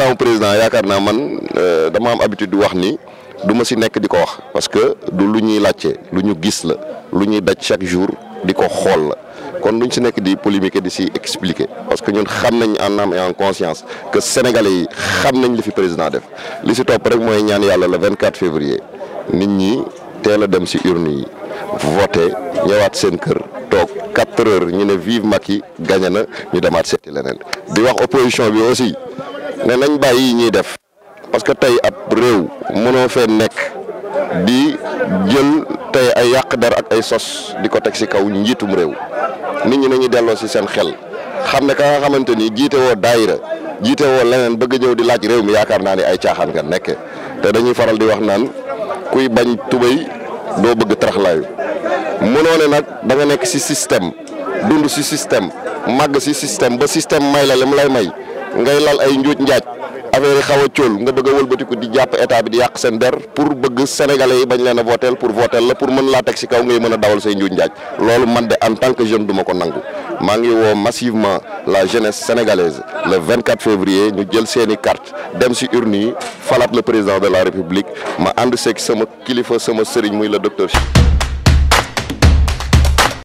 kàllaamu président yaakaar naa man euh, dama am habitude di wax ni duma si nekk di ko wax parce que lu ñuy laajte lu ñu gis la lu ñuy daj chaque jour di ko xool la. kon duñ si nekk di polémiquer di si expliquer parce que ñun xam nañ en âme en conscience que sénégalais yi xam nañ li fi président def li si topp rek mooy ñaan yàlla la le 24 février nit ñi teel a dem si urne yi voté ñëwaat seen kër toog 4 heures ñu ne vive Macky gagné na ñu demaat seeti leneen di wax opposition bi aussi. ne nañ bàyyi yi ñuy def parce que tey ab réew mënoo fee nekk di jël tey ay yàq dar ak ay sos di ko teg ci kaw njiitum réew nit ñi nañu delloo ci seen xel xam ne ka nga xamante ni jiite woo daayira jiite woo leneen bëgg ñëw di laaj réew mi yaakaar naa ni ay caaxaan nga nekk te dañuy faral di wax naan kuy bañ tubéy doo bëgg taraxlaayu mënoo ne nag da nekk ci système dund ci système màgg ci système ba système may la lim lay may ngay lal ay njuuj njaaj affaire yi xaw a cóol nga bëgg a wëlbatiku di jàpp état bi di yàq seen der pour bëgg sénégalais yi bañ leen a votel pour votel la pour mën laa teg si kaw ngay mën a dawal say njuuj njaaj loolu man de en tant que jeune duma ko nangu maa ngi woo massivement la jeunesse sénégalaise le 24 février ñu jël seeni carte dem si urne yi falaat le président de la république ma ànd seeg sama kilifa sama sëriñ muy la le docteur